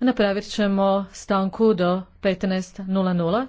Napravit ćemo stanku do 15.00